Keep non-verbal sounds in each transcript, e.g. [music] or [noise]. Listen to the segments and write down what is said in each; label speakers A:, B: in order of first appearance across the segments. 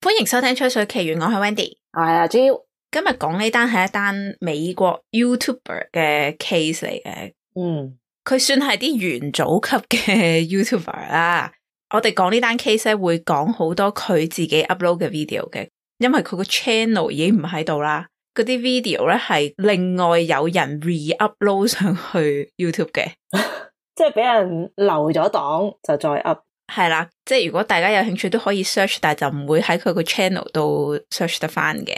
A: 歡迎收聽《吹水奇緣》，我係 Wendy，我係阿 Jo。今日講呢單係一單美國 YouTuber 嘅 case 嚟嘅。嗯，佢算係啲元祖級嘅 YouTuber 啦。我哋講呢單 case 咧，會講好多佢自己 upload 嘅 video 嘅，因為佢個 channel 已經唔喺度啦。嗰啲 video 咧係另外有人 reupload 上去 YouTube 嘅， [laughs] 即係俾人留咗檔就再 upload 係啦。即係如果大家有興趣都可以 search，但係就唔會喺佢個 channel 度 search 得翻嘅。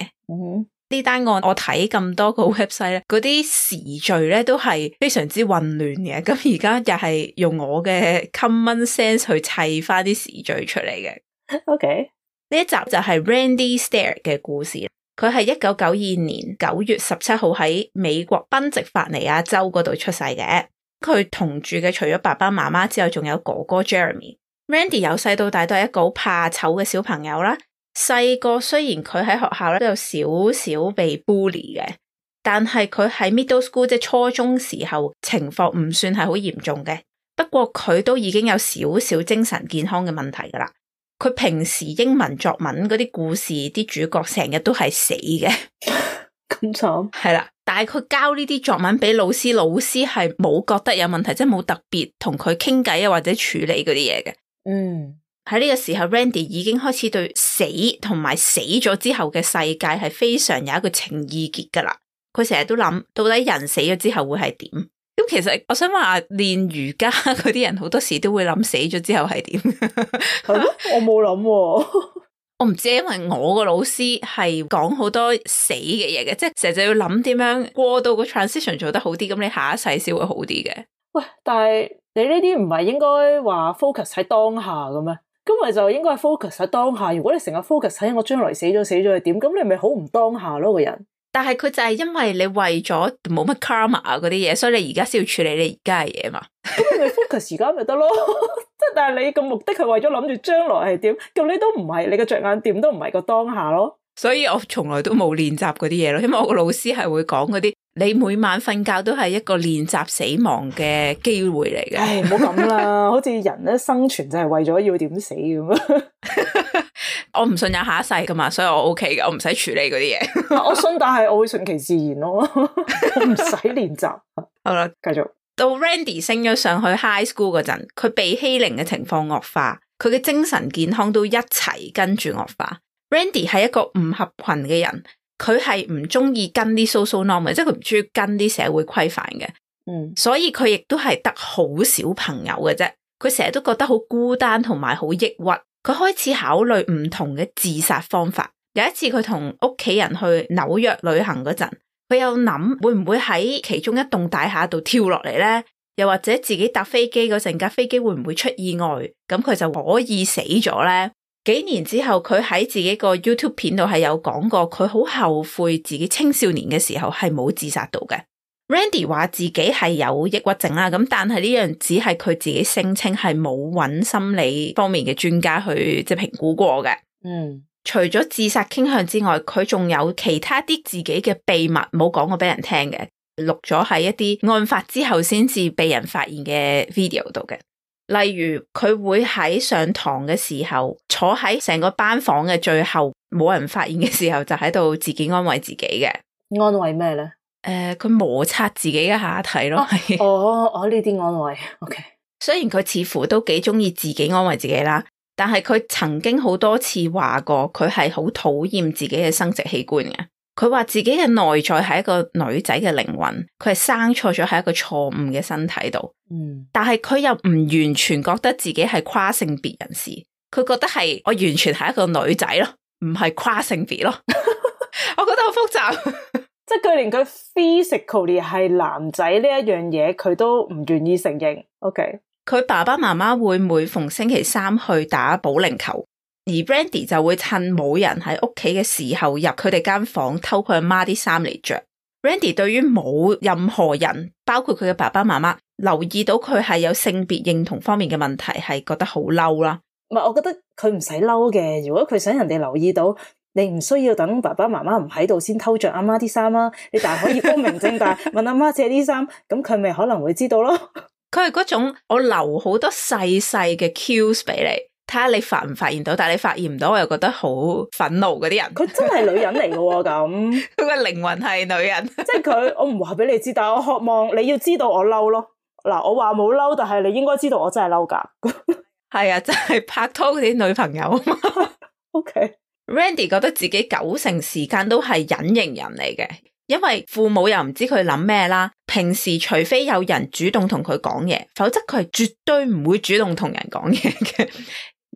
A: 呢單案我睇咁多個 website 咧，嗰啲時序咧都係非常之混亂嘅。咁而家又係用我嘅 common sense 去砌翻啲時序出嚟嘅。OK，呢一集就係 Randy Stair 嘅故事。佢係一九九二年九月十七號喺美國賓夕法尼亞州嗰度出世嘅。佢同住嘅除咗爸爸媽媽之外，仲有哥哥 Jeremy。Randy 由細到大都係一個好怕醜嘅小朋友啦。細個雖然佢喺學校咧都有少少被 bully 嘅，但係佢喺 middle school 即係初中時候情況唔算係好嚴重嘅。不過佢都已經有少少精神健康嘅問題噶啦。佢平時英文作文嗰啲故事，啲主角成日都係死嘅，咁慘係啦。但係佢交呢啲作文俾老師，老師係冇覺,覺得有問題，即係冇特別同佢傾偈啊，或者處理嗰啲嘢嘅。嗯，喺呢個時候，Randy 已經開始對死同埋死咗之後嘅世界係非常有一個情意結噶啦。佢成日都諗，到底人死咗之後會係點？其實我想話練瑜伽嗰啲人好多時都會諗死咗之後係點？係 [laughs] 咯，我冇諗， [laughs] 我唔知，因為我個老師係講好多死嘅嘢嘅，即係成日要諗點樣過到個 transition 做得好啲，咁你下一世先會好啲嘅。
B: 喂，但係你呢啲唔係應該話 focus 喺當下嘅咩？咁咪就應該 focus 喺當下。如果你成日 focus 喺我將來死咗死咗係點，咁你咪好唔當下咯，個人。
A: 但係佢就係因為你為咗冇乜 karma 嗰啲嘢，所以你而家先要處理你而家嘅嘢嘛。focus 時
B: 間咪得咯，即 [noise] 係樂 [music] 但係你個目的係為咗諗住將來係點，咁你都唔係你個着眼點都唔係個當下咯。
A: 所以我從來都冇練習嗰啲嘢咯，因為我個老師係會講嗰啲，你每晚瞓覺都係一個練習死亡嘅機會嚟嘅。唉，唔 [laughs] 好咁
B: 啦，好似人咧生存就係為咗要點死咁
A: [laughs] 我唔信有下一世噶嘛，所以我 OK 噶，我唔使處理嗰啲嘢。
B: [laughs] 我信，但係我會順其自然咯，我唔使練習。好
A: 啦了，繼續到 Randy 升咗上去 High School 嗰陣，佢被欺凌嘅情況惡化，佢嘅精神健康都一齊跟住惡化。Randy 係一個唔合群嘅人，佢係唔中意跟啲 social norm 嘅，即係佢唔中意跟啲社會規範嘅。嗯，所以佢亦都係得好少朋友嘅啫。佢成日都覺得好孤單同埋好抑鬱，佢開始考慮唔同嘅自殺方法。有一次佢同屋企人去紐約旅行嗰陣，佢又諗會唔會喺其中一棟大廈度跳落嚟咧？又或者自己搭飛機嗰陣架飛機會唔會出意外？咁佢就可以死咗咧？幾年之後，佢喺自己個 YouTube 片度係有講過，佢好後悔自己青少年嘅時候係冇自殺到嘅。Randy 話自己係有抑鬱症啦，咁但係呢樣只係佢自己聲稱係冇揾心理方面嘅專家去即係評估過嘅。嗯，除咗自殺傾向之外，佢仲有其他啲自己嘅秘密冇講過俾人聽嘅，錄咗喺一啲案發之後先至被人發現嘅 video 度嘅。例如佢會喺上堂嘅時候坐喺成個班房嘅最後，冇人發現嘅時候就喺度自己安慰自己嘅。
B: 安慰咩咧？
A: 誒、呃，佢摩擦自己嘅下體咯、啊 [laughs] 哦。哦
B: 哦，呢啲安慰。OK，
A: 雖然佢似乎都幾中意自己安慰自己啦，但係佢曾經好多次話過佢係好討厭自己嘅生殖器官嘅。佢話自己嘅內在係一個女仔嘅靈魂，佢係生錯咗喺一個錯誤嘅身體度。嗯，但係佢又唔完全覺得自己係跨性別人士，佢覺得係我完全係一個女仔咯，唔係跨性別咯。 [laughs] 我覺得好複雜，即係佢連佢 physically 係男仔呢一樣嘢，佢都唔願意承認。OK，佢爸爸媽媽會每逢星期三去打保齡球。而 Randy 就會趁冇人喺屋企嘅時候入佢哋間房偷佢阿媽啲衫嚟着。Randy 對於冇任何人，包括佢嘅爸爸媽媽，留意到佢係有性別認同方面嘅問題，係覺得好嬲啦。
B: 唔係，我覺得佢唔使嬲嘅。如果佢想人哋留意到，你唔需要等爸爸媽媽唔喺度先偷着阿媽啲衫啦。你但係可以光明正大 [laughs] 問阿媽借啲衫，咁佢咪可能會知道咯。
A: 佢係嗰種我留好多細細嘅 cues 俾你。睇下你發唔發現到，但係你發現唔到，我又覺得好憤怒嗰啲人，佢真係女人嚟嘅喎，咁佢個靈魂係女人，
B: [laughs] 即係佢，我唔話俾你知，但係我渴望你要知道我嬲咯。嗱，我話冇嬲，但係你應該知道我
A: 真係嬲㗎。係 [laughs] 啊，真係拍拖嗰啲女朋友啊嘛。 [laughs] OK，Randy 覺得自己九成時間都係隱形人嚟嘅，因為父母又唔知佢諗咩啦。平時除非有人主動同佢講嘢，否則佢係絕對唔會主動同人講嘢嘅。 [laughs]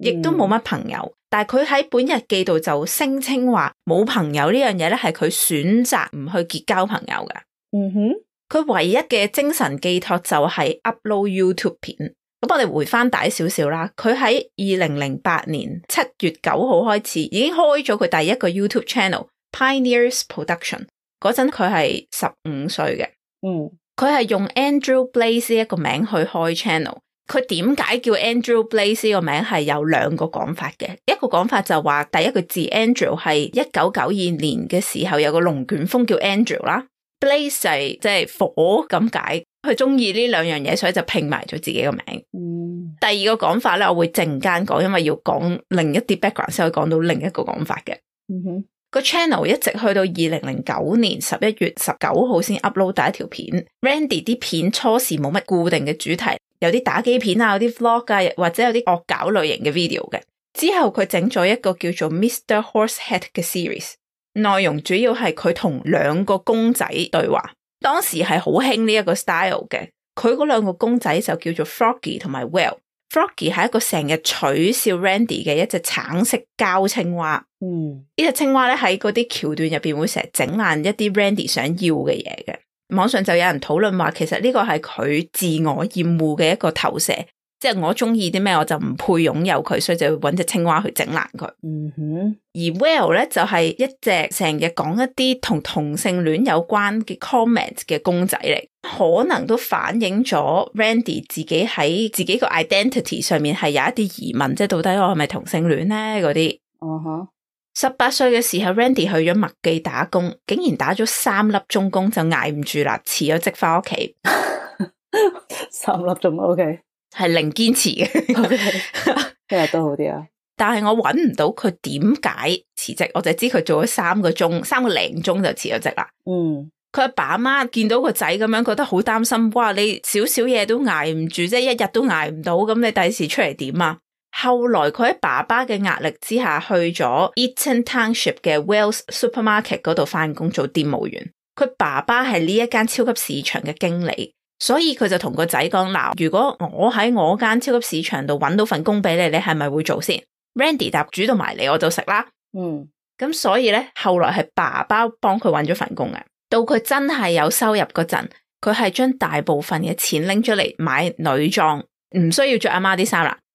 A: 亦都冇乜朋友，但係佢喺本日記度就聲稱話冇朋友呢樣嘢咧，係佢選擇唔去結交朋友嘅。嗯哼、mm，佢、hmm. 唯一嘅精神寄託就係 upload YouTube 片。咁我哋回翻大少少啦，佢喺二零零八年七月九號開始已經開咗佢第一個 YouTube channel，Pioneers Production。嗰陣佢係十五歲嘅，嗯，佢係用 Andrew Blaze 一個名去開 channel。佢點解叫 Andrew Blaze 呢個名係有兩個講法嘅，一個講法就話第一個字 Andrew 係一九九二年嘅時候有個龍捲風叫 Andrew 啦，Blaze 係即係火咁解，佢中意呢兩樣嘢，所以就拼埋咗自己個名。Mm hmm. 第二個講法咧，我會陣間講，因為要講另一啲 background 先可以講到另一個講法嘅。Mm hmm. 個 channel 一直去到二零零九年十一月十九號先 upload 第一條片，Randy 啲片初時冇乜固定嘅主題。有啲打機片啊，有啲 Vlog 啊，或者有啲惡搞類型嘅 video 嘅。之後佢整咗一個叫做 Mr Horsehead 嘅 series，內容主要係佢同兩個公仔對話。當時係好興呢一個 style 嘅。佢嗰兩個公仔就叫做 Froggy 同埋 Well。Froggy 係一個成日取笑 Randy 嘅一隻橙色膠青蛙。嗯，呢隻青蛙咧喺嗰啲橋段入邊會成日整爛一啲 Randy 想要嘅嘢嘅。網上就有人討論話，其實呢個係佢自我厭惡嘅一個投射，即係我中意啲咩我就唔配擁有佢，所以就揾隻青蛙去整爛佢。嗯哼、mm，hmm. 而 Will 咧就係、是、一隻成日講一啲同同性戀有關嘅 comment 嘅公仔嚟，可能都反映咗 Randy 自己喺自己個 identity 上面係有一啲疑問，即係到底我係咪同性戀呢？嗰啲。嗯、uh huh. 十八歲嘅時候，Randy 去咗麥記打工，竟然打咗三粒鐘工就挨唔住啦，辭咗職翻屋企。 [laughs] [laughs] 三粒鐘 OK，係零堅持嘅，今日都好啲啊！但係我搵唔到佢點解辭職，我就知佢做咗三個鐘，三個零鐘就辭咗職啦。嗯，佢阿爸阿媽見到個仔咁樣，覺得好擔心。哇，你少少嘢都捱唔住，即係一日都挨唔到，咁你第時出嚟點啊？後來佢喺爸爸嘅壓力之下去咗 Eaton Township 嘅 Wells Supermarket 嗰度翻工做店務員。佢爸爸係呢一間超級市場嘅經理，所以佢就同個仔講：嗱，如果我喺我間超級市場度揾到份工俾你，你係咪會做先？Randy 答：煮到埋你，我就食啦。嗯，咁所以咧，後來係爸爸幫佢揾咗份工嘅。到佢真係有收入嗰陣，佢係將大部分嘅錢拎出嚟買女裝，唔需要着阿媽啲衫啦。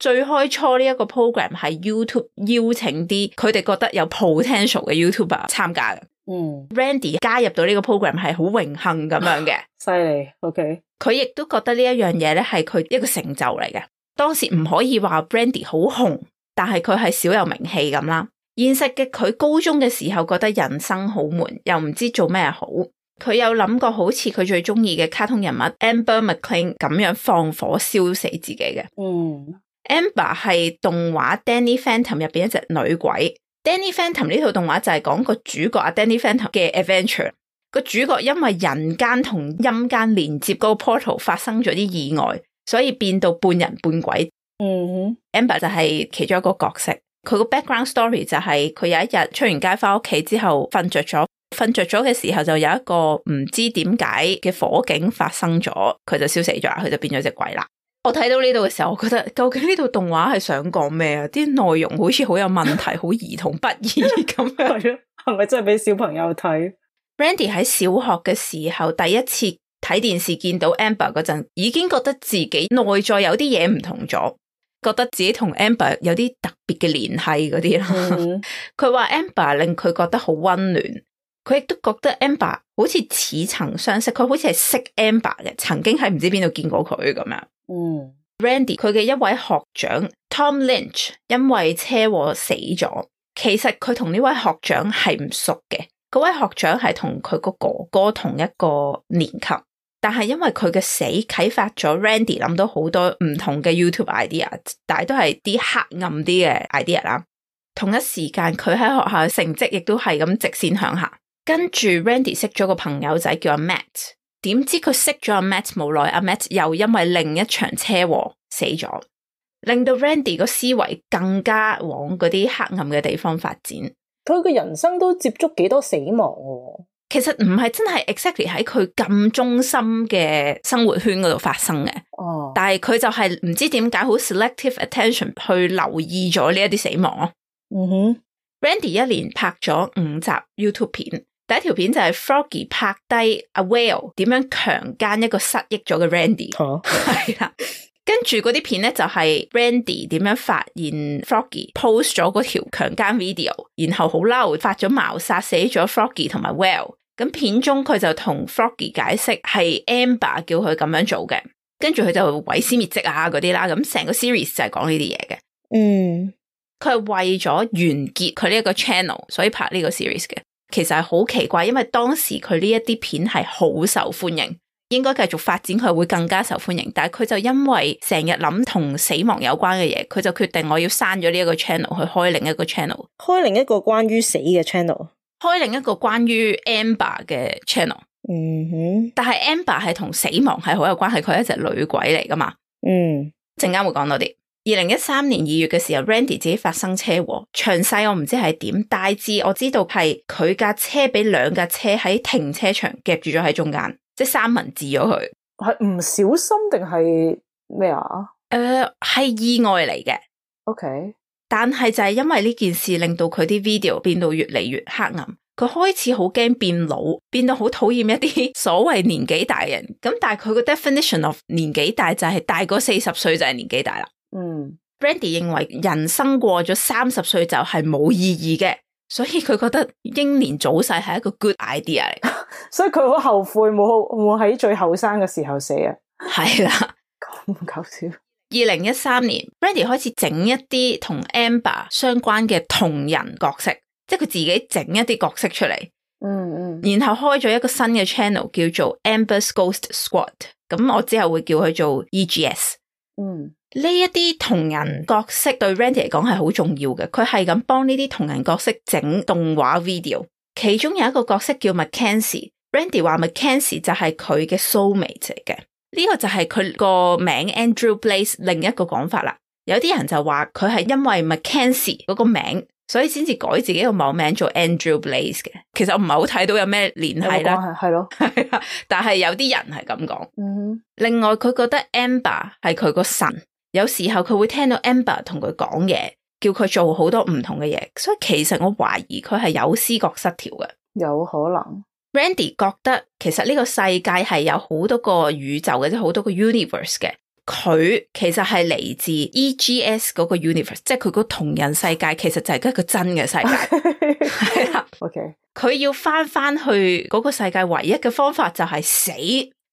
A: 最開初呢一個 program 係 YouTube 邀請啲佢哋覺得有 potential 嘅 YouTuber 參加嘅。嗯，Randy 加入到呢個 program 係好榮幸咁樣嘅。犀利、啊，OK。佢亦都覺得呢一樣嘢咧係佢一個成就嚟嘅。當時唔可以話 Randy 好紅，但係佢係少有名氣咁啦。現實嘅佢高中嘅時候覺得人生好悶，又唔知做咩好。佢有諗過好似佢最中意嘅卡通人物 Amber McLean 咁樣放火燒死自己嘅。嗯。Amber 係動畫 Danny Phantom 入邊一隻女鬼。Danny Phantom 呢套動畫就係講個主角阿 Danny Phantom 嘅 adventure。個主角因為人間同陰間連接嗰個 portal 發生咗啲意外，所以變到半人半鬼。嗯 Amber 就係其中一個角色。佢個 background story 就係、是、佢有一日出完街翻屋企之後瞓着咗，瞓着咗嘅時候就有一個唔知點解嘅火警發生咗，佢就燒死咗，佢就變咗隻鬼啦。我睇到呢度嘅時候，我覺得究竟呢套動畫係想講咩啊？啲內容好似好有問題，好兒童不宜咁樣，係咪真係俾小朋友睇？Randy 喺小學嘅時候第一次睇電視見到 Amber 嗰陣，已經覺得自己內在有啲嘢唔同咗，覺得自己同 Amber 有啲特別嘅聯繫嗰啲啦。佢話 Amber 令佢覺得好温暖，佢亦都覺得 Amber 好似似曾相識，佢好似係識 Amber 嘅，曾經喺唔知邊度見過佢咁樣。嗯，哦，Randy 佢嘅一位學長 Tom Lynch 因為車禍死咗。其實佢同呢位學長係唔熟嘅，嗰位學長係同佢個哥哥同一個年級，但係因為佢嘅死啟發咗 Randy 諗到好多唔同嘅 YouTube idea，但係都係啲黑暗啲嘅 idea 啦。同一時間佢喺學校嘅成績亦都係咁直線向下。跟住 Randy 識咗個朋友仔叫阿 Matt。點知佢識咗阿 Matt，冇耐，阿 Matt 又因為另一場車禍死咗，令到 Randy 個思維更加往嗰啲黑暗嘅地方發展。佢嘅人生都接觸幾多死亡啊？其實唔係真係 exactly 喺佢咁中心嘅生活圈嗰度發生嘅。哦，oh. 但係佢就係唔知點解好 selective attention 去留意咗呢一啲死亡。嗯哼、uh huh.，Randy 一連拍咗五集 YouTube 片。第一條片就係 Froggy 拍低阿 Well 點樣強姦一個失憶咗嘅 Randy，係啦、啊，跟住嗰啲片咧就係 Randy 點樣發現 Froggy post 咗嗰條強姦 video，然後好嬲，發咗謀殺死咗 Froggy 同埋 Well。咁片中佢就同 Froggy 解釋係 Amber 叫佢咁樣做嘅，跟住佢就毀屍滅跡啊嗰啲啦。咁成個 series 就係講呢啲嘢嘅。嗯，佢係為咗完結佢呢一個 channel，所以拍呢個 series 嘅。其實係好奇怪，因為當時佢呢一啲片係好受歡迎，應該繼續發展佢會更加受歡迎。但係佢就因為成日諗同死亡有關嘅嘢，佢就決定我要刪咗呢一個 channel 去開另一個 channel，開另一個關於死嘅 channel，開另一個關於 Amber 嘅 channel。嗯哼，但係 Amber 係同死亡係好有關係，佢係一隻女鬼嚟㗎嘛。嗯，陣間會講多啲。二零一三年二月嘅時候，Randy 自己發生車禍，詳細我唔知係點，大致我知道係佢架車俾兩架車喺停車場夾住咗喺中間，即係三文治咗佢。係唔小心定係咩啊？誒，係、uh, 意外嚟嘅。OK，但係就係因為呢件事令到佢啲 video 變到越嚟越黑暗，佢開始好驚變老，變到好討厭一啲所謂年紀大嘅人。咁但係佢個 definition of 年紀大就係大過四十歲就係年紀大啦。嗯，Randy 認為人生過咗三十歲就係冇意義嘅，所以佢覺得英年早逝係一個 good idea 嚟，
B: 所以佢好後悔冇冇喺最後生嘅時候死啊！係啦的，咁 [laughs] 搞
A: 笑。二零一三年，Randy 開始整一啲同 Amber 相關嘅同人角色，即係佢自己整一啲角色出嚟，嗯。嗯嗯，然後開咗一個新嘅 channel，叫做 Amber’s Ghost Squad。咁我之後會叫佢做 E.G.S。嗯。呢一啲同人角色對 Randy 嚟講，係好重要嘅，佢係咁幫呢啲同人角色整動畫 video。其中有一個角色叫 McKenzie，Randy a 話 McKenzie a 就係佢嘅 soulmate 嚟嘅。呢、這個就係佢個名 Andrew Blaze 另一個講法啦。有啲人就話佢係因為 McKenzie a 嗰個名，所以先至改自己個網名做 Andrew Blaze 嘅。其實我唔係好睇到有咩聯繫啦，係咯，係啊。 [laughs] 但係有啲人係咁講。嗯哼。另外佢覺得 Amber 係佢個神。有時候佢會聽到 amber 同佢講嘢，叫佢做好多唔同嘅嘢，所以其實我懷疑佢係有思覺失調嘅。有可能，Randy 覺得其實呢個世界係有好多個宇宙嘅，e，即好多個 universe 嘅。佢其實係嚟自 E.G.S 嗰個 universe，即係佢個同人世界其實就係一個真嘅世界。係啦，OK。佢要翻翻去嗰個世界，唯一嘅方法就係死。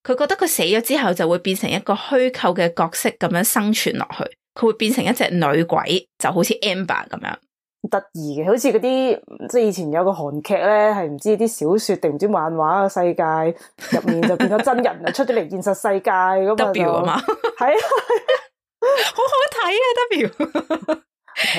A: 佢覺得佢死咗之後就會變成一個虛構嘅角色咁樣生存落去，佢會變成一隻女鬼，就好似 Amber 咁樣，得
B: 意嘅，好似嗰啲即係以前有個韓劇咧，係唔知啲小説定唔知漫畫嘅世界入面就變咗真人啊， [laughs] 出咗嚟現實世界咁 W, 啊嘛，係 [laughs] [laughs] 啊，好好睇啊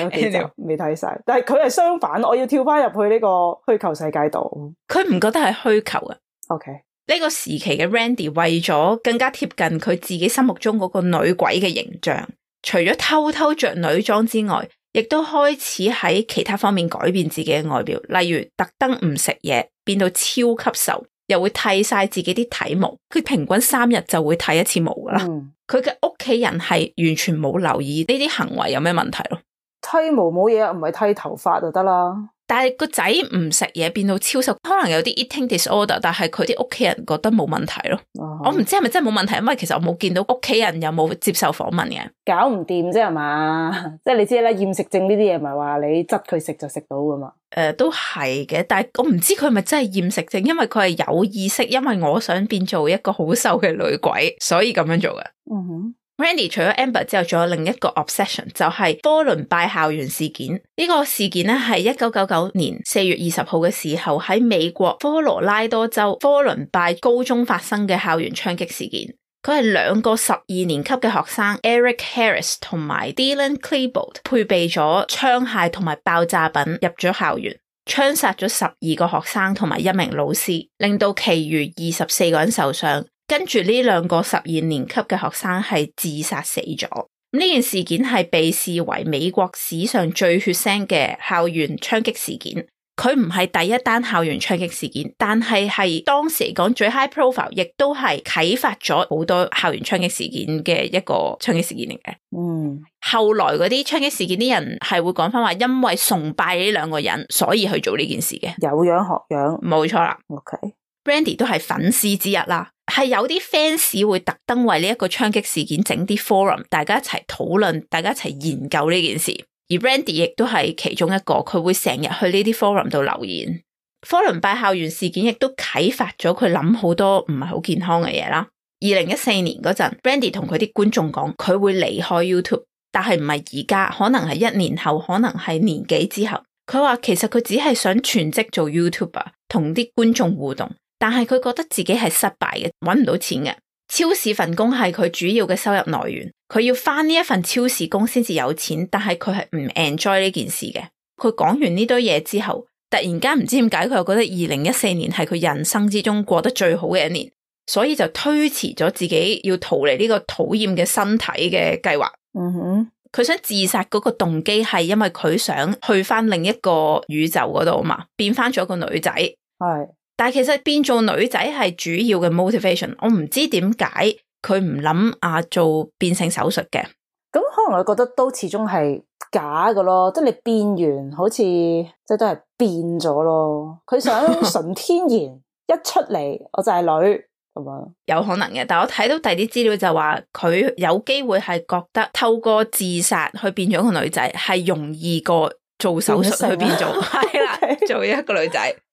B: Double，未睇晒，但係佢係相反，我要跳翻入去呢個虛構世界度，佢唔
A: 覺得係虛構啊。OK。呢個時期嘅 Randy 為咗更加貼近佢自己心目中嗰個女鬼嘅形象，除咗偷偷着女裝之外，亦都開始喺其他方面改變自己嘅外表，例如特登唔食嘢，變到超級瘦，又會剃晒自己啲體毛，佢平均三日就會剃一次毛㗎喇。佢嘅屋企人係完全冇留意呢啲行為有咩問題咯？剃毛冇嘢，唔係剃頭髮就得啦。但係個仔唔食嘢變到超瘦，可能有啲 eating disorder，但係佢啲屋企人覺得冇問題咯。Uh huh. 我唔知係咪真係冇問題，因為其實我冇見到屋企人有冇接受訪問嘅。搞唔掂啫係嘛？ [laughs] 即係你知啦，厭食症呢啲嘢唔係話你執佢食就食到噶嘛。誒、呃，都係嘅，但係我唔知佢係咪真係厭食症，因為佢係有意識，因為我想變做一個好瘦嘅女鬼，所以咁樣做嘅。嗯哼、uh huh. Randy 除咗 Amber 之後，仲有另一個 obsession 就係科倫拜校園事件。呢、這個事件咧係一九九九年四月二十號嘅時候喺美國科羅拉多州科倫拜高中發生嘅校園槍擊事件。佢係兩個十二年級嘅學生 Eric Harris 同埋 Dylan Klebold 配備咗槍械同埋爆炸品入咗校園，槍殺咗十二個學生同埋一名老師，令到其餘二十四個人受傷。跟住呢兩個十二年級嘅學生係自殺死咗。呢件事件係被視為美國史上最血腥嘅校園槍擊事件。佢唔係第一單校園槍擊事件，但係係當時嚟講最 high profile，亦都係啟發咗好多校園槍擊事件嘅一個槍擊事件嚟嘅。嗯，後來嗰啲槍擊事件啲人係會講翻話，因為崇拜呢兩個人，所以去做呢件事嘅。有樣學樣，冇錯啦。OK，Randy 都係粉絲之一啦。係有啲 fans 會特登為呢一個槍擊事件整啲 forum，大家一齊討論，大家一齊研究呢件事。而 Randy 亦都係其中一個，佢會成日去呢啲 forum 度留言。科倫拜校園事件亦都啟發咗佢諗好多唔係好健康嘅嘢啦。二零一四年嗰陣，Randy 同佢啲觀眾講，佢會離開 YouTube，但係唔係而家，可能係一年後，可能係年幾之後。佢話其實佢只係想全職做 YouTuber，同啲觀眾互動。但係佢覺得自己係失敗嘅，揾唔到錢嘅。超市份工係佢主要嘅收入來源，佢要翻呢一份超市工先至有錢。但係佢係唔 enjoy 呢件事嘅。佢講完呢堆嘢之後，突然間唔知點解，佢又覺得二零一四年係佢人生之中過得最好嘅一年，所以就推遲咗自己要逃離呢個討厭嘅身體嘅計劃。嗯哼，佢想自殺嗰個動機係因為佢想去翻另一個宇宙嗰度啊嘛，變翻咗個女仔。係。但係其實變做女仔係主要嘅 motivation，我唔知點解佢唔諗啊做變性手術嘅。
B: 咁可能佢覺得都始終係假噶咯，即係你變完好似即係都係變咗咯。佢想純天然 [laughs] 一出嚟
A: 我就係女咁樣，有可能嘅。但係我睇到第二啲資料就話佢有機會係覺得透過自殺去變咗個女仔係容易過做手術去變做係啦，做一個女仔。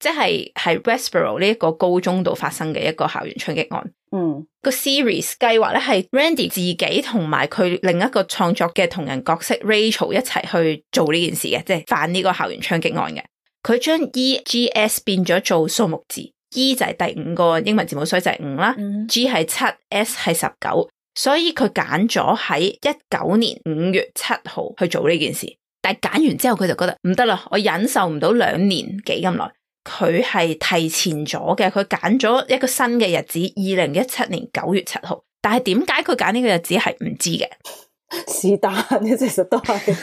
A: 即係喺 Westboro 呢一個高中度發生嘅一個校園槍擊案。嗯，個 series 計劃咧係 Randy 自己同埋佢另一個創作嘅同人角色 Rachel 一齊去做呢件事嘅，即係犯呢個校園槍擊案嘅。佢將 E G S 變咗做數目字，E 就係第五個英文字母，所以就係五啦。G 係七，S 係十九，所以佢揀咗喺一九年五月七號去做呢件事。但係揀完之後佢就覺得唔得啦，我忍受唔到兩年幾咁耐。佢係提前咗嘅，佢揀咗一個新嘅日子，二零一七年九月七號。但係點解佢揀呢個日子係唔知嘅？是但呢其實都係。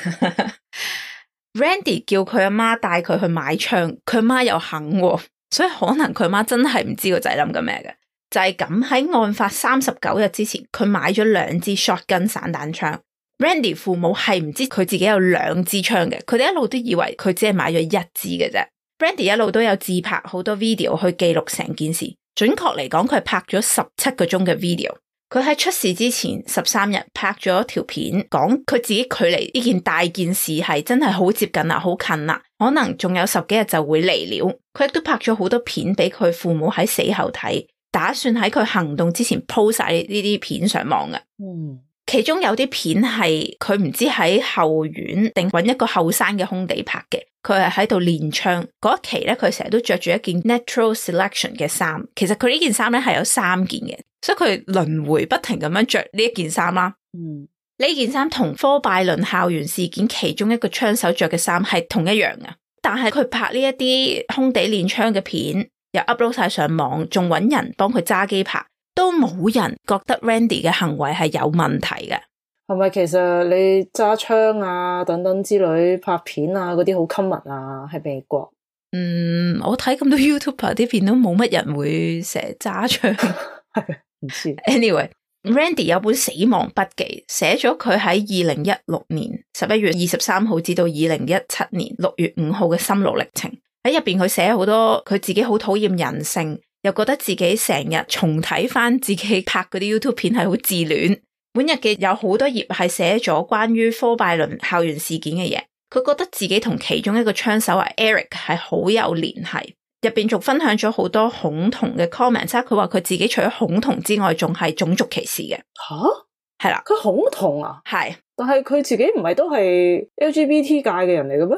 A: Randy 叫佢阿媽帶佢去買槍，佢媽又肯喎，所以可能佢媽真係唔知個仔諗緊咩嘅。就係咁喺案發三十九日之前，佢買咗兩支 shotgun 散彈槍。Randy 父母係唔知佢自己有兩支槍嘅，佢哋一路都以為佢只係買咗一支嘅啫。Randy 一路都有自拍好多 video 去記錄成件事，準確嚟講佢拍咗十七個鐘嘅 video。佢喺出事之前十三日拍咗條片，講佢自己距離呢件大件事係真係好接近啦，好近啦，可能仲有十幾日就會嚟了。佢亦都拍咗好多片俾佢父母喺死後睇，打算喺佢行動之前 po 晒呢啲片上網嘅。嗯，其中有啲片係佢唔知喺後院定揾一個後生嘅空地拍嘅。佢係喺度練槍一嗰期咧，佢成日都着住一件 Natural Selection 嘅衫。其實佢呢件衫咧，係有三件嘅，所以佢輪回不停咁樣着呢一件衫啦，啊。嗯，呢件衫同科拜倫校園事件其中一個槍手着嘅衫係同一樣嘅，但係佢拍呢一啲空地練槍嘅片又 upload 晒上網，仲搵人幫佢揸機拍，都冇人覺得 Randy 嘅行為係有問題嘅。
B: 係咪其實你揸槍啊，等等之類拍片啊嗰啲，好 common 啊？喺美國，嗯，
A: 我睇咁多 YouTuber 啲片都冇乜人會成日揸槍，唔 [laughs] 知 [laughs] 事。Anyway，Randy 有本死亡筆記，寫咗佢喺二零一六年十一月二十三號至到二零一七年六月五號嘅心路歷程。喺入邊佢寫好多佢自己好討厭人性，又覺得自己成日重睇翻自己拍嗰啲 YouTube 片係好自戀。本日記有好多頁係寫咗關於科拜倫校園事件嘅嘢，佢覺得自己同其中一個槍手啊 Eric 係好有聯繫，入邊仲分享咗好多恐同嘅 comments，佢話佢自己除咗恐同之外，仲係種族歧視嘅。吓，係啦，佢恐同啊，係，但係佢自己唔係都係 LGBT 界嘅人嚟嘅咩？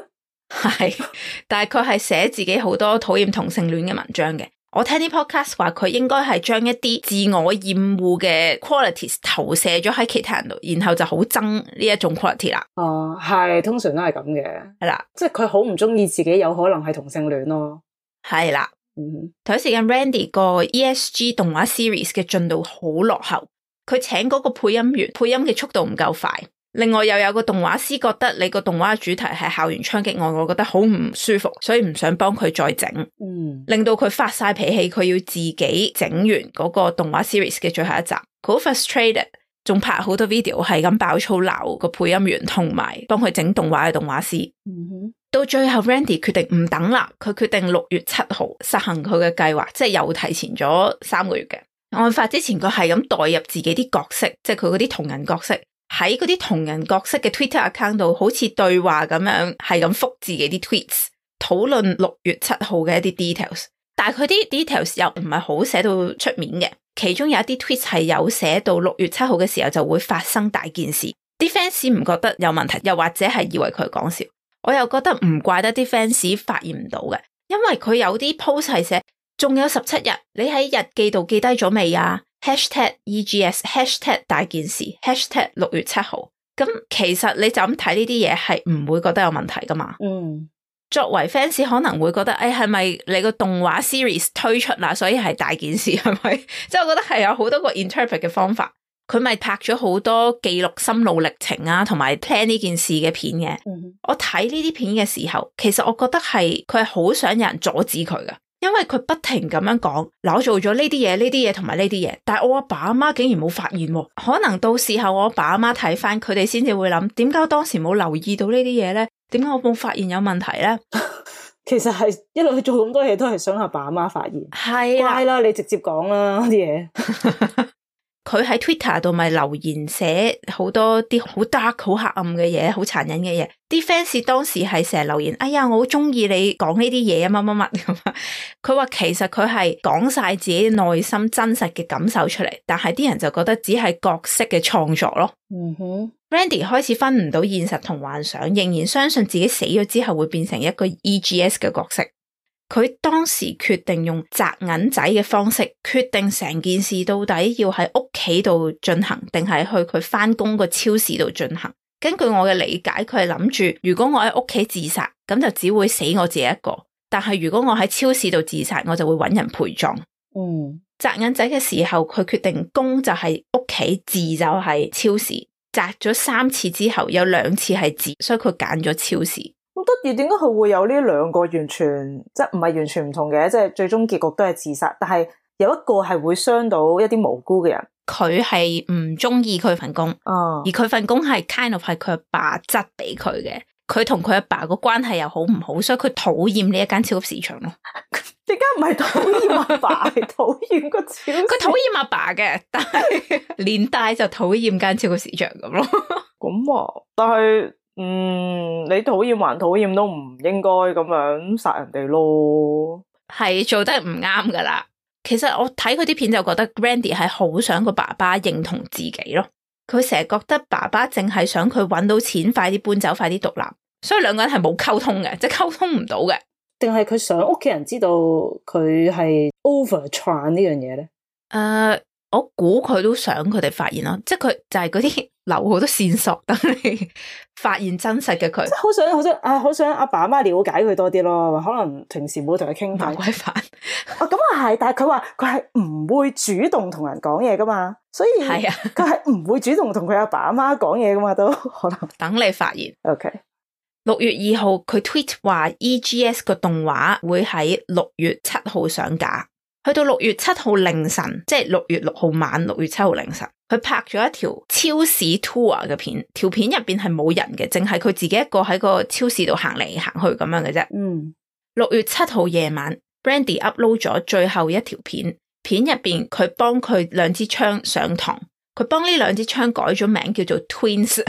A: 係，但係佢係寫自己好多討厭同性戀嘅文章嘅。我聽啲 podcast 話佢應該係將一啲自我厭惡嘅 qualities 投射咗喺其他人度，然後就好憎呢一種 quality 啦。哦，係通常都係咁嘅。係啦的，即係佢好唔中意自己有可能係同性戀咯。係啦的，嗯哼，同一時間 Randy 個 ESG 動畫 series 嘅進度好落後，佢請嗰個配音員配音嘅速度唔夠快。另外又有個動畫師覺得你個動畫主題係校園槍擊案，我覺得好唔舒服，所以唔想幫佢再整。嗯、mm，hmm. 令到佢發晒脾氣，佢要自己整完嗰個動畫 series 嘅最後一集，好 frustrated，仲拍好多 video 係咁爆粗鬧個配音員同埋幫佢整動畫嘅動畫師。Mm hmm. 到最後 Randy 決定唔等啦，佢決定六月七號實行佢嘅計劃，即係又提前咗三個月嘅案發之前，佢係咁代入自己啲角色，即係佢嗰啲同人角色。喺嗰啲同人角色嘅 Twitter account 度，好似對話咁樣，係咁覆自己啲 tweets，討論六月七號嘅一啲 details。但係佢啲 details 又唔係好寫到出面嘅。其中有一啲 tweets 係有寫到六月七號嘅時候就會發生大件事。啲 fans 唔覺得有問題，又或者係以為佢講笑。我又覺得唔怪得啲 fans 發現唔到嘅，因為佢有啲 post 係寫仲有十七日，你喺日記度記低咗未啊？#egs# 大件事#六月七號。咁，其實你就咁睇呢啲嘢，係唔會覺得有問題噶嘛？嗯、mm，hmm. 作為 fans 可能會覺得誒、哎、係咪你個動畫 series 推出啦，所以係大件事係咪？即係 [laughs] 我覺得係有好多個 interpret 嘅方法。佢咪拍咗好多記錄心路歷程啊，同埋 plan 呢件事嘅片嘅。Mm hmm. 我睇呢啲片嘅時候，其實我覺得係佢係好想有人阻止佢噶。因為佢不停咁樣講，攞做咗呢啲嘢，呢啲嘢同埋呢啲嘢，但係我阿爸阿媽竟然冇發現，可能到時候我阿爸阿媽睇翻佢哋先至會諗，點解我當時冇留意到呢啲嘢咧？點解我冇發現有問題咧？ [laughs] 其實係一路去做咁
B: 多嘢，都係想阿爸阿媽發現，係啦，乖啦，你直接講啦啲嘢。 [laughs] [laughs]
A: 佢喺 Twitter 度咪留言寫好多啲好 dark、好黑暗嘅嘢，好殘忍嘅嘢。啲 fans 當時係成日留言，哎呀，我好中意你講呢啲嘢啊，乜乜乜咁。佢話其實佢係講晒自己內心真實嘅感受出嚟，但係啲人就覺得只係角色嘅創作咯。嗯哼，Randy 開始分唔到現實同幻想，仍然相信自己死咗之後會變成一個 EGS 嘅角色。佢當時決定用擲銀仔嘅方式，決定成件事到底要喺屋企度進行，定係去佢返工個超市度進行。根據我嘅理解，佢係諗住如果我喺屋企自殺，咁就只會死我自己一個；但係如果我喺超市度自殺，我就會揾人陪葬。嗯，擲銀仔嘅時候，佢決定公就係屋企，字就係超市。擲咗三次之後，有兩次係字，所以佢揀咗超市。
B: 咁得意，點解佢會有呢兩個完全即係唔係完全唔同嘅？即係最終結局都係自殺，但係有一個係會傷到
A: 一啲無辜嘅人。佢係唔中意佢份工，啊、而佢份工係 kind of 係佢阿爸執俾佢嘅。佢同佢阿爸個關係又好唔好，所以佢討厭呢一間超級市場咯。點解唔係討厭阿爸，爸，係 [laughs] [laughs] 討厭個佢討厭阿爸嘅，但係連帶就討厭間超級市場咁咯。咁 [laughs] 啊，
B: 但係。嗯，你討厭還討厭都唔應該咁樣殺人哋
A: 咯，係做得唔啱噶啦。其實我睇佢啲片就覺得 Randy 係好想個爸爸認同自己咯，佢成日覺得爸爸淨係想佢搵到錢快啲搬走，快啲獨立，所以兩個人係冇溝通嘅，即係溝通唔到嘅。定
B: 係佢想屋企人知道佢係 overtrain 呢樣嘢呢？誒、
A: 呃。我估佢都想佢哋發現咯，即係佢就係嗰啲留好多線索等你發現真實嘅佢，即係
B: 好想好想啊，好想阿爸阿媽了解佢多啲咯，可能平時冇同佢傾鬼反啊，咁啊係，但係佢話佢係唔會主動同人講嘢噶嘛，所以係啊，佢係唔會主動同佢阿爸阿媽講嘢噶嘛，都可
A: 能 [laughs] 等你發現。OK，六月二號佢 tweet 話 EGS 個動畫會喺六月七號上架。去到六月七號凌晨，即係六月六號晚，六月七號凌晨，佢拍咗一條超市 tour 嘅片，條片入邊係冇人嘅，淨係佢自己一個喺個超市度行嚟行去咁樣嘅啫。嗯，六月七號夜晚，Randy upload 咗最後一條片，片入邊佢幫佢兩支槍上膛。佢幫呢兩支槍改咗名叫做 Twins，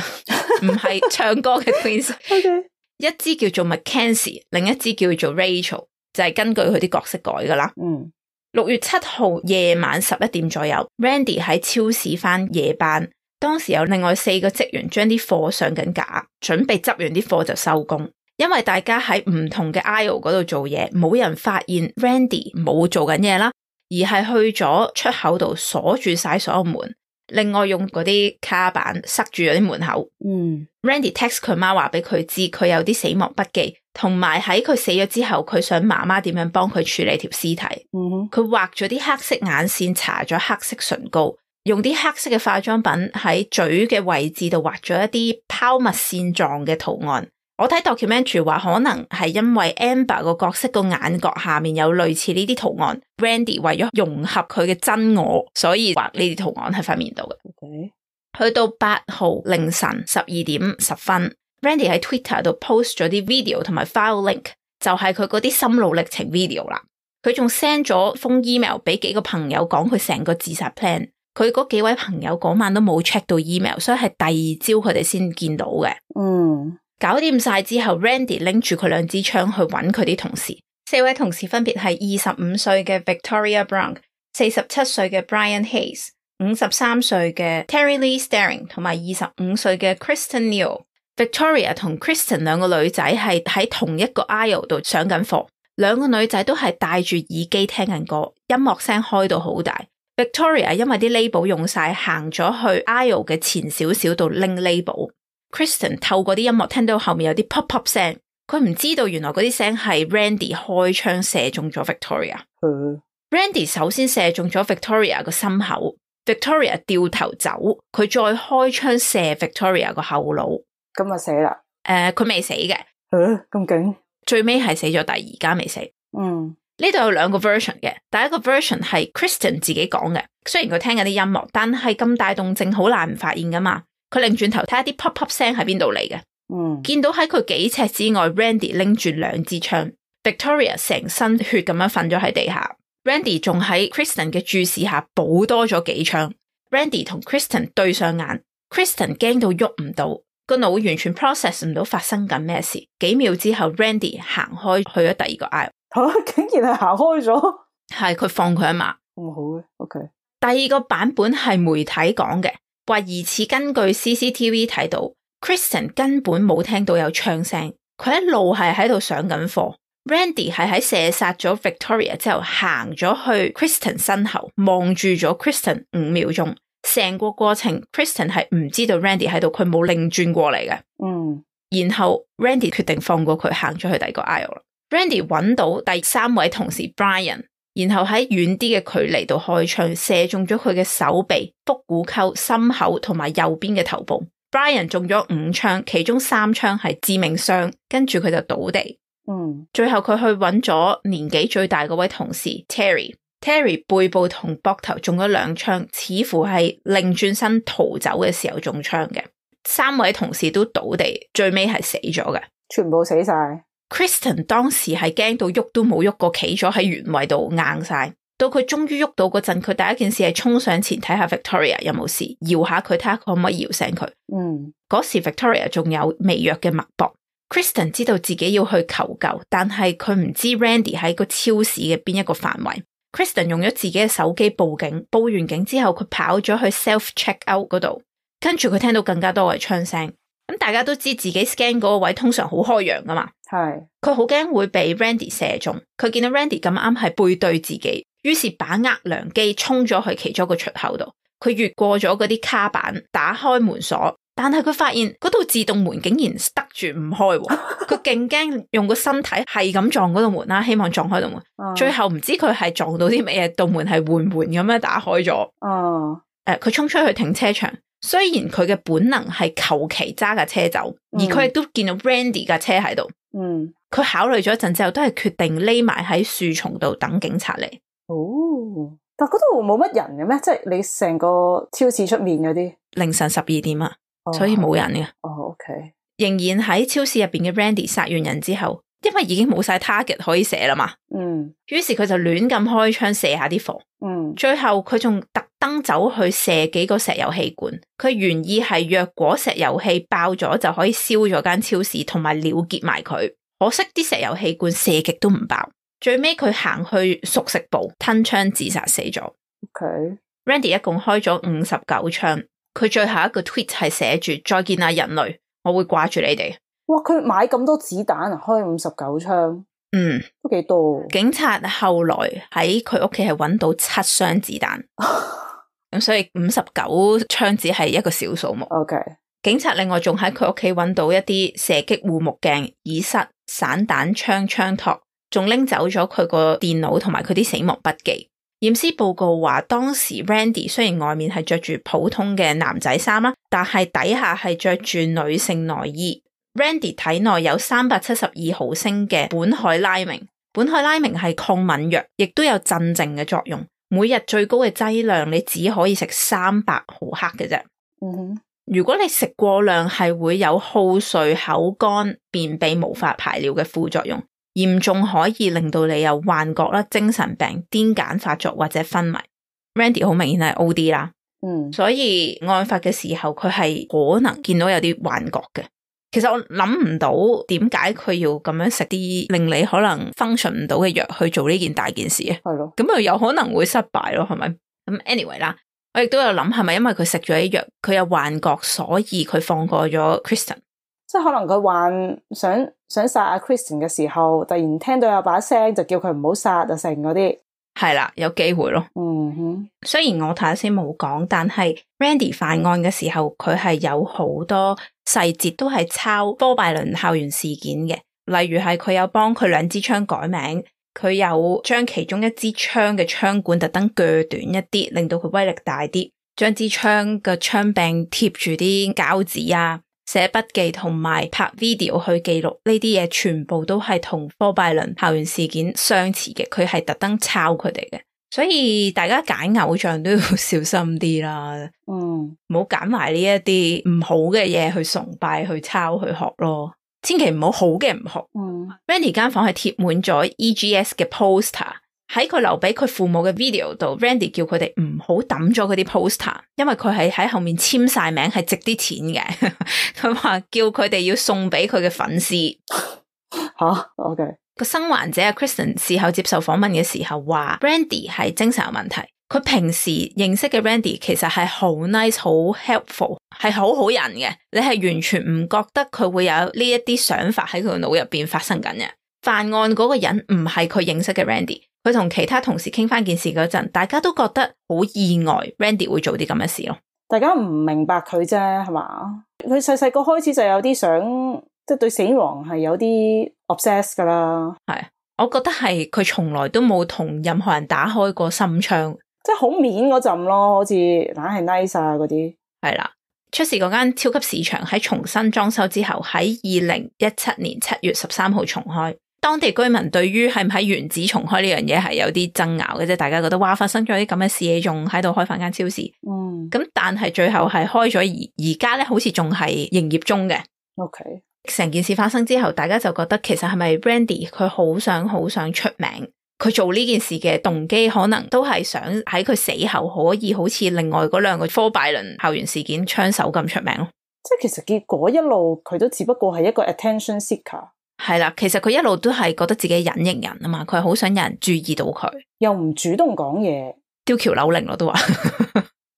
A: 唔係唱歌嘅 Twins， [laughs] Okay. 一支叫做 McKenzie，另一支叫做 Rachel，就係根據佢啲角色改噶啦。嗯。六月七號夜晚十一點左右，Randy 喺超市返夜班。當時有另外四個職員將啲貨上緊架，準備執完啲貨就收工。因為大家喺唔同嘅 aisle 嗰度做嘢，冇人發現 Randy 冇做緊嘢啦，而係去咗出口度鎖住晒所有門。另外用嗰啲卡板塞住咗啲門口。嗯、mm hmm.，Randy text 佢媽話俾佢知，佢有啲死亡筆記，同埋喺佢死咗之後，佢想媽媽點樣幫佢處理條屍體。佢畫咗啲黑色眼線，搽咗黑色唇膏，用啲黑色嘅化妝品喺嘴嘅位置度畫咗一啲拋物線狀嘅圖案。我睇 documentary 話，可能係因為 Amber 個角色個眼角下面有類似呢啲圖案，Randy 為咗融合佢嘅真我，所以畫呢啲圖案喺塊面度嘅。OK，去到八號凌晨十二點十分，Randy 喺 Twitter 度 post 咗啲 video 同埋 file link，就係佢嗰啲心路歷程 video 啦。佢仲 send 咗封 email 俾幾個朋友，講佢成個自殺 plan。佢嗰幾位朋友嗰晚都冇 check 到 email，所以係第二朝佢哋先見到嘅。嗯。搞掂晒之後，Randy 拎住佢兩支槍去揾佢啲同事。四位同事分別係二十五歲嘅 Victoria Brown、四十七歲嘅 Brian Hayes、五十三歲嘅 Terry Lee Staring 同埋二十五歲嘅 Kristen Neal。Victoria 同 Kristen 兩個女仔係喺同一個 aisle 度上緊課，兩個女仔都係戴住耳機聽緊歌，音樂聲開到好大。Victoria 因為啲 label 用晒，行咗去 aisle 嘅前少少度拎 label。Kristen 透過啲音樂聽到後面有啲 pop pop 聲，佢唔知道原來嗰啲聲係 Randy 開槍射中咗 Victoria。嗯、Randy 首先射中咗 Victoria 個心口，Victoria 掉頭走，佢再開槍射 Victoria 個後腦，咁就死啦。誒、呃，佢未死嘅，
B: 誒咁勁，
A: 最尾係死咗，但而家未死。嗯，呢度有兩個 version 嘅，第一個 version 係 Kristen 自己講嘅，雖然佢聽緊啲音樂，但係咁大動靜好難唔發現噶嘛。佢擰轉，轉頭睇下啲 pop pop 聲喺邊度嚟嘅。嗯，見到喺佢幾尺之外，Randy 拎住兩支槍，Victoria 成身血咁樣瞓咗喺地下，Randy 仲喺 Kristen 嘅注視下補多咗幾槍，Randy 同 Kristen 對上眼，Kristen 驚到喐唔到，個腦完全 process 唔到發生緊咩事，幾秒之後，Randy 行開去咗第二個 aisle，吓， [laughs] 竟然係行開咗，係佢放佢一馬。唔、嗯、好嘅，OK，第二個版本係媒體講嘅。話疑似根據 CCTV 睇到 Kristen 根本冇聽到有槍聲，佢一路係喺度上緊課。Randy 係喺射殺咗 Victoria 之後，行咗去 Kristen 身後，望住咗 Kristen 五秒鐘。成個過程，Kristen 係唔知道 Randy 喺度，佢冇擰轉過嚟嘅。嗯，然後 Randy 決定放過佢，行咗去第二個 aisle 啦。Randy 搵到第三位同事 Brian。然後喺遠啲嘅距離度開槍，射中咗佢嘅手臂、腹股溝、心口同埋右邊嘅頭部。Brian 中咗五槍，其中三槍係致命傷，跟住佢就倒地。嗯，最後佢去搵咗年紀最大嗰位同事 Terry，Terry Terry 背部同膊頭中咗兩槍，似乎係擰轉身逃走嘅時候中槍嘅。三位同事都倒地，最尾係死咗嘅，全部死晒。Kristen 當時係驚到喐都冇喐過，企咗喺原位度硬晒。到佢終於喐到嗰陣，佢第一件事係衝上前睇下 Victoria 有冇事，搖下佢睇下可唔可以搖醒佢。
B: 嗯，
A: 嗰時 Victoria 仲有微弱嘅脈搏。Kristen 知道自己要去求救，但係佢唔知 Randy 喺個超市嘅邊一個範圍。Kristen 用咗自己嘅手機報警，報完警之後佢跑咗去 self check out 嗰度，跟住佢聽到更加多嘅槍聲。咁大家都知自己 scan 嗰個位通常好開揚㗎嘛。係，佢好驚會被 Randy 射中。佢見到 Randy 咁啱係背對自己，於是把握良機衝咗去其中一個出口度。佢越過咗嗰啲卡板，打開門鎖，但係佢發現嗰道自動門竟然得住唔開。佢勁驚用個身體係咁撞嗰道門啦，希望撞開度門。最後唔知佢係撞到啲乜嘢，道門係緩緩咁樣打開咗。哦，誒，佢衝出去停車場，雖然佢嘅本能係求其揸架車走，而佢亦都見到 Randy 架車喺度。嗯，佢考慮咗一陣之後，都係決定匿埋喺樹叢度等警察嚟。
B: 哦，但嗰度冇乜人嘅咩？即係你成個超市出面嗰啲
A: 凌晨十二點啊，哦，所以冇人嘅。哦，OK，仍然喺超市入邊嘅 Randy 殺完人之後，因為已經冇晒 target 可以射啦嘛，嗯，於是佢就亂咁開槍射下啲貨，嗯，最後佢仲特登走去射幾個石油氣罐，佢原意係若果石油氣爆咗就可以燒咗間超市同埋了結埋佢，可惜啲石油氣罐射極都唔爆，最尾佢行去熟食部吞槍自殺死咗，ok，Randy Okay. 一共開咗五十九槍，佢最後一個 tweet 係寫住再見啦人類，我會掛住你哋。哇！佢買咁多子彈啊，開五十九槍，嗯，都幾多、啊嗯。警察後來喺佢屋企係揾到七箱子彈，咁 [laughs] 所以五十九槍只係一個小數目。O Okay . K，警察另外仲喺佢屋企揾到一啲射擊護目鏡、耳塞、散彈槍、槍托，仲拎走咗佢個電腦同埋佢啲死亡筆記。驗屍 [laughs] 報告話，當時 Randy 雖然外面係着住普通嘅男仔衫啦，但係底下係着住女性內衣。Randy 體內有三百七十二毫升嘅苯海拉明，苯海拉明係抗敏藥，亦都有鎮靜嘅作用。每日最高嘅劑量你只可以食三百毫克嘅啫。嗯、mm hmm。如果你食過量，係會有嗜睡、口乾、便秘、無法排尿嘅副作用，嚴重可以令到你有幻覺啦、精神病、癲癇發作或者昏迷。Randy 好明顯係 O D 啦。嗯、
B: mm，hmm。所以
A: 案發嘅時候，佢係可能見到有啲幻覺嘅。其實我諗唔到點解佢要咁樣食啲令你可能 function 唔到嘅藥去做呢件大件事啊！係咯的，咁佢有可能會失敗咯，係咪？咁 anyway 啦，我亦都有諗係咪因為佢食咗啲藥，佢有幻覺，所以佢放過咗 Kristen。
B: 即係可能佢幻想想殺阿、啊、Kristen 嘅時候，突然聽到有把聲
A: 就叫佢唔好殺就成嗰啲。係啦，有機會咯。嗯哼， [noise] 雖然我頭先冇講，但係 Randy 犯案嘅時候，佢係有好多細節都係抄科拜倫校園事件嘅，例如係佢有幫佢兩支槍改名，佢有將其中一支槍嘅槍管特登鋸短一啲，令到佢威力大啲，將支槍嘅槍柄貼住啲膠紙啊。寫筆記同埋拍 video 去記錄呢啲嘢，全部都係同科拜倫校園事件相似嘅，佢係特登抄佢哋嘅，所以大家揀偶像都要小心啲啦。嗯，唔好揀埋呢一啲唔好嘅嘢去崇拜、去抄、去學咯，千祈唔好好嘅唔學。嗯，Randy 間房係貼滿咗 E G S 嘅 poster。喺佢留俾佢父母嘅 video 度，Randy 叫佢哋唔好抌咗佢啲 poster，因為佢係喺後面簽晒名，係值啲錢嘅。佢 [laughs] 話叫佢哋要送俾佢嘅粉絲。吓、oh，OK，個生還者啊，Christian 事後接受訪問嘅時候話，Randy 係精神有問題。佢平時認識嘅 Randy 其實係好 nice、好 helpful，係好好人嘅。你係完全唔覺得佢會有呢一啲想法喺佢腦入邊發生緊嘅。犯案嗰個人唔係佢認識嘅 Randy。佢同其他同事傾翻件事嗰陣，大家都覺得好意外，Randy 會做啲咁嘅事咯。
B: 大家唔明白佢啫，係嘛？佢細細個開始就有啲想，即係對死亡係有啲 obsess 噶啦。係，
A: 我覺得係佢從來都冇同任何人打開過心窗，即係好面嗰陣咯，好似硬係 nice 啊嗰啲。係啦，出事嗰間超級市場喺重新裝修之後，喺二零一七年七月十三號重開。當地居民對於係唔係原址重開呢樣嘢係有啲爭拗嘅啫，大家覺得哇，發生咗啲咁嘅事嘢，仲喺度開翻間超市。嗯，咁但係最後係開咗而而家咧，好似仲係營業中嘅。OK，成件事發生之後，大家就覺得其實係咪 Randy 佢好想好想出名，佢做呢件事嘅動機可能都係想喺佢死後可以好似另外嗰兩個科拜倫校園事件槍手咁出名咯。即係其實結果一路佢都只不過係一個 attention seeker。係啦，其實佢一路都係覺得自己隱形人啊嘛，佢係好想有人注意到佢，又唔主動講嘢，吊橋扭鈴咯都話，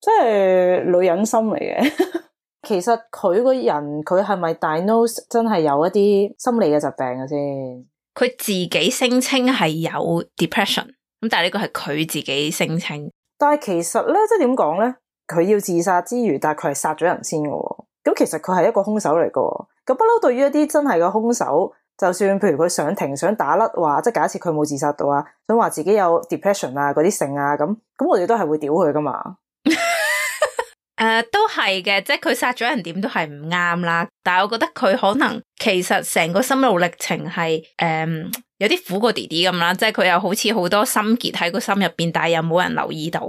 B: 即係 [laughs] 女人心嚟嘅。 [laughs] 其實佢個人佢係咪 diagnose 真係有一啲心理嘅疾病嘅先？佢自
A: 己聲稱係有 depression，咁但係呢個係佢自己聲稱，但係其實咧，即係點講
B: 咧？佢要自殺之餘，但係佢係殺咗人先嘅，咁其實佢係一個兇手嚟嘅，咁不嬲對於一啲真係嘅兇手。就算譬如佢想停、想打甩，即話即係假設佢冇自殺到啊，想話自己有 depression 啊嗰啲症啊，咁咁、啊、我哋都係會屌佢噶嘛。
A: 誒、 [laughs] 呃，都係嘅，即係佢殺咗人，點都係唔啱啦。但係我覺得佢可能其實成個心路歷程係誒、呃、有啲苦過 Diddy 咁啦，即係佢又好似好多心結喺個心入邊，但係又冇人留意到。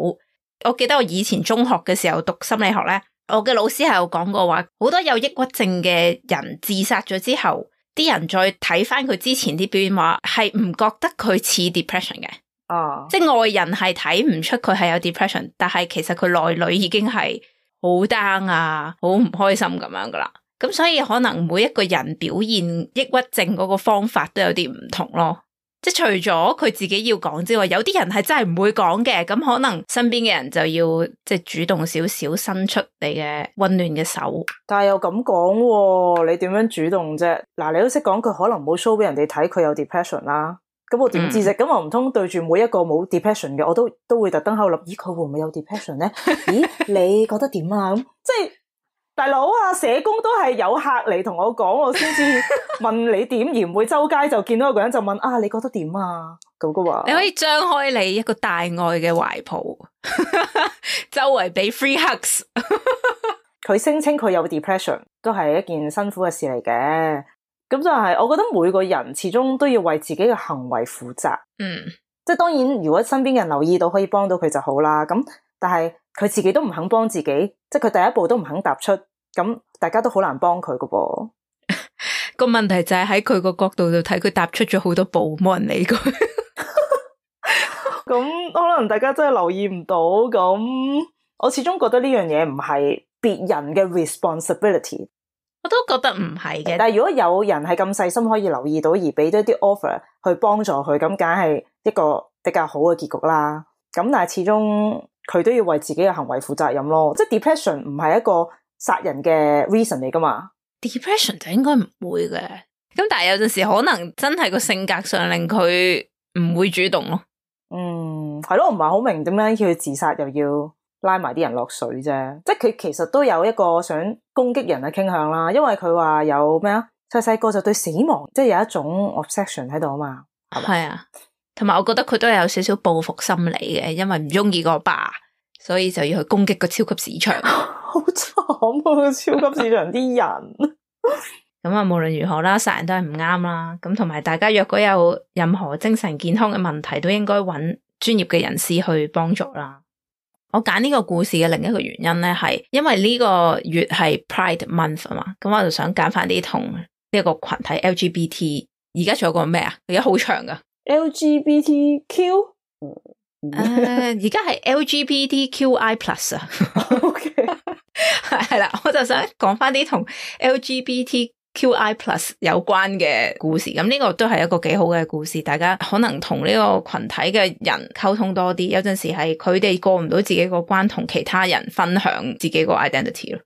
A: 我記得我以前中學嘅時候讀心理學咧，我嘅老師係有講過話，好多有抑鬱症嘅人自殺咗之後。啲人再睇翻佢之前啲表現，話係唔覺得佢似 depression 嘅。哦，oh。即係外人係睇唔出佢係有 depression，但係其實佢內裏已經係好 down 啊，好唔開心咁樣噶啦，咁所以可能每一個人表現抑鬱症嗰個方法都有啲唔同咯。即係除咗佢自己要講之外，有啲人係真係唔會講嘅，咁可能身邊嘅人就要即係主動少少伸出你嘅温暖嘅手。
B: 但係又咁講喎，你點樣主動啫？嗱，你都識講佢可能冇 show 俾人哋睇佢有 depression 啦。咁我點知啫？咁我唔通對住每一個冇 depression 嘅，我都都會特登喺度諗：咦，佢會唔會有 depression 咧？ [laughs] 咦，你覺得點啊？咁即係。大佬啊，社工都係有客嚟同我講，我先至問你點，而唔會周街就見到一個人就問啊，你覺得點啊？
A: 咁嘅話，你可以張開你一個大愛嘅懷抱， [laughs] 周圍俾給 free hugs。
B: 佢聲稱佢有 depression，都係一件辛苦嘅事嚟嘅。咁就係，我覺得每個人始終都要為自己嘅行為負責。嗯，即係當然，如果身邊嘅人留意到，可以幫到佢就好啦。咁，但係。佢自己都唔肯幫自己，即係佢第一步都唔肯踏出，咁大家都好難幫佢噶噃。
A: 個 [laughs] 問題就係喺佢個角度度睇，佢踏出咗好多步，冇人理佢。
B: 咁 [laughs] [laughs] [laughs] 可能大家真係留意唔到。咁我始終覺得呢樣嘢唔係別人嘅 responsibility。
A: 我都覺得唔係
B: 嘅。但係如果有人係咁細心可以留意到而俾咗啲 offer 去幫助佢，咁梗係一個比較好嘅結局啦。咁但係始終。佢都要為自己嘅行為負責任咯，即係 depression 唔係一個殺人嘅 reason 嚟噶嘛？depression 就
A: 應該唔會嘅，咁但係有陣時可能真係個性格上令佢唔會主動
B: 咯、啊。嗯，係咯，唔係好明點樣叫佢自殺又要拉埋啲人落水啫？即係佢其實都有一個想攻擊人嘅傾向啦，因為佢話有咩啊，細細個就對死亡即係、就是、有一種 obsession 喺度啊嘛，
A: 係嘛？係啊。同埋，我覺得佢都係有少少報復心理嘅，因為唔中意個爸，所以就要去攻擊個超級市場。
B: 好慘啊！超級市場啲人。
A: 咁啊，無論如何啦，殺人都係唔啱啦。咁同埋，大家若果有任何精神健康嘅問題，都應該揾專業嘅人士去幫助啦。我揀呢個故事嘅另一個原因呢，係因為呢個月係 Pride Month 啊嘛，咁我就想揀返啲同呢個群體 LGBT。而家仲有個咩啊？而家好長㗎。LGBTQ，誒 [laughs] 而家係、uh, LGBTQI plus [laughs] 啊，OK 係啦， [laughs] 我就想講翻啲同 LGBTQI plus 有關嘅故事，咁呢個都係一個幾好嘅故事，大家可能同呢個群體嘅人溝通多啲，有陣時係佢哋過唔到自己個關，同其他人分享自己個 identity 咯。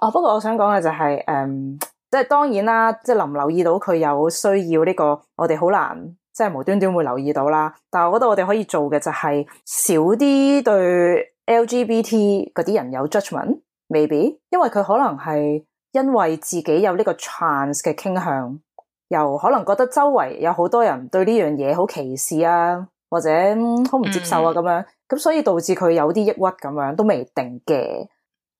B: 哦、啊，不過我想講嘅就係、是，誒、嗯，即、就、係、是、當然啦，即係留唔留意到佢有需要呢、這個，我哋好難。即係無端端會留意到啦，但係我覺得我哋可以做嘅就係、是、少啲對 LGBT 嗰啲人有 judgment，maybe，因為佢可能係因為自己有呢個 trans 嘅傾向，又可能覺得周圍有好多人對呢樣嘢好歧視啊，或者好唔接受啊咁、嗯、樣，咁所以導致佢有啲抑鬱咁樣都未定嘅。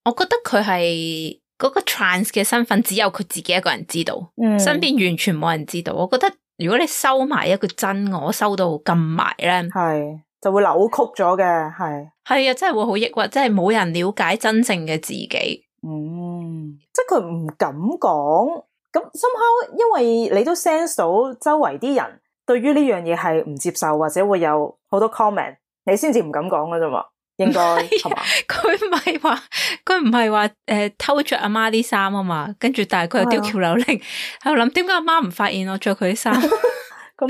A: 我覺得佢係嗰個 trans 嘅身份只有佢自己一個人知道，嗯、身邊完全冇人知道。我覺得。如果你收埋一個真我，收到咁埋咧，係就會扭曲咗嘅，係係啊，真係會好抑鬱，真係冇人了解真正嘅自己。
B: 嗯，即係佢唔敢講，咁 somehow，因為你都 sense 到周圍啲人對於呢樣嘢係唔接受，或者會有好多 comment，你先至唔敢講噶啫嘛。應該佢唔
A: 係話，佢唔係話，誒，偷着阿媽啲衫啊嘛，跟住，但係佢又丟條流玲，喺度諗，點解阿媽唔發現我着佢啲衫？咁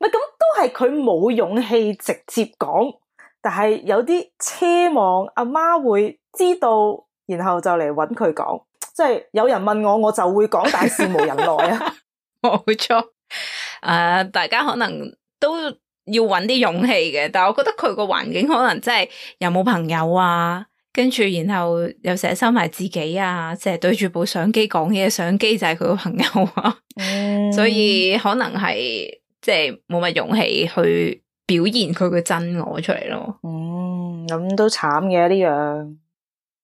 B: 咪咁都係佢冇勇氣直接講，但係有啲奢望阿媽會知道，然後就嚟搵佢講，即係有人問我，我就會講，但
A: 係無人來啊，冇錯。 [laughs] 誒、呃，大家可能都。要揾啲勇氣嘅，但係我覺得佢個環境可能真係又冇朋友啊，跟住然後又成日收埋自己啊，成日對住部相機講嘢，相機就係佢個朋友啊，嗯、所以可能係即係冇乜勇氣去表現佢嘅真我出嚟咯。嗯，咁都慘嘅呢樣。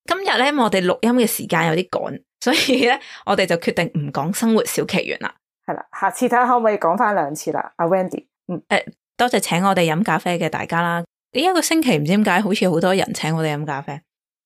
A: 今日咧，我哋錄音嘅時間有啲趕，所以咧，我哋就決定唔講生活小奇懸啦。
B: 係啦，下次睇下可唔可以講翻兩次啦。阿 Wendy，嗯
A: 誒。欸多謝請我哋飲咖啡嘅大家啦，呢一個星期唔知點解好似好多人請我哋飲咖啡，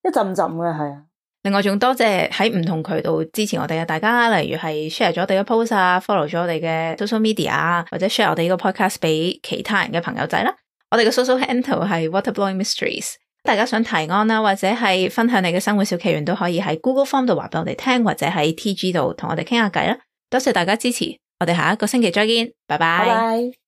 A: 一陣浸嘅係啊。另外仲多謝喺唔同渠道支持我哋嘅大家，例如係 share 咗我哋嘅 post 啊，follow 咗我哋嘅 social media 啊，或者 share 我哋呢個 podcast 俾其他人嘅朋友仔啦。我哋嘅 social handle 係 Waterblowing Mysteries。大家想提案啦，啊，或者係分享你嘅生活小奇懸都可以喺 Google Form 度話俾我哋聽，或者喺 TG 度同我哋傾下偈啦。多謝大家支持，我哋下一個星期再見，拜拜。Bye bye